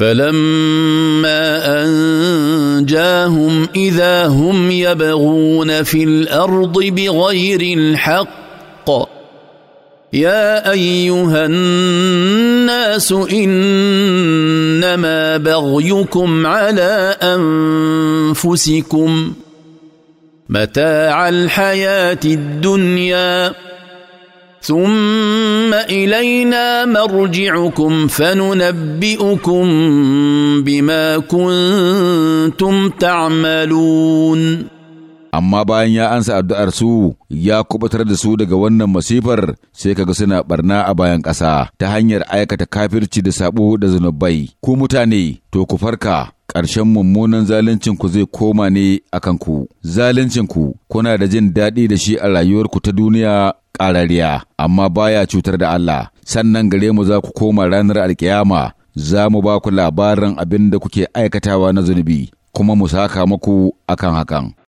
فلما انجاهم اذا هم يبغون في الارض بغير الحق يا ايها الناس انما بغيكم على انفسكم متاع الحياه الدنيا ثم الينا مرجعكم فننبئكم بما كنتم تعملون amma bayan ya ansa addu'ar su ya kubutar da su daga wannan masifar sai kaga suna barna a bayan ƙasa ta hanyar aikata kafirci da sabo da zunubai ku mutane to ku farka ƙarshen mummunan zaluncinku zai koma ne a kanku. Zaluncinku kuna da jin daɗi da shi a rayuwarku ta duniya ƙarariya, amma baya cutar da Allah. Sannan gare mu za ku koma ranar alƙiyama, za mu ba ku labarin abin da kuke aikatawa na zunubi, kuma mu saka muku akan hakan.